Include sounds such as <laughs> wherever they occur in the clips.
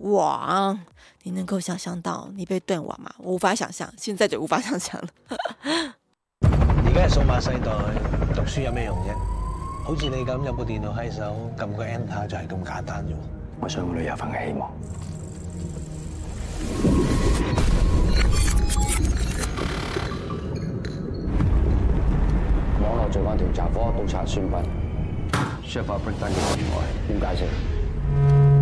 嘩，你能夠想象到你被斷網嗎？我無法想象，現在就無法想象而家 <laughs> 係數碼世代，讀書有咩用啫？好似你咁有部電腦喺手，撳個 enter 就係咁簡單啫。我想去旅遊，分個希望。網絡罪犯調查科督察孫斌，手法不單嘅意外，點解釋？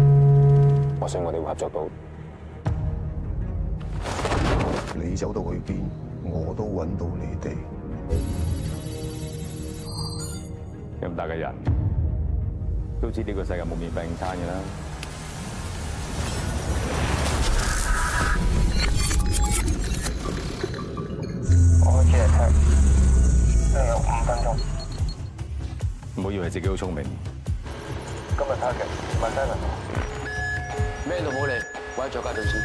我哋會合作到。你走到去邊，我都揾到你哋。咁大嘅人，都知呢個世界冇免費午餐嘅啦。我開始嚟聽，仲有五分鐘。唔好以為自己好聰明。今日太勁，萬山行動。咩都冇理，我喺咗家俊先。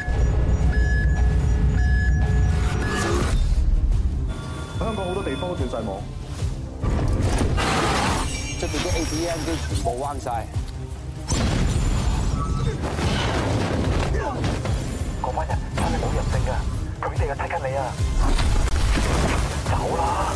香港好多地方都斷晒網，出邊啲 ATM 啲全部彎晒。嗰班人真係冇人性噶，佢哋又睇緊你啊！走啦！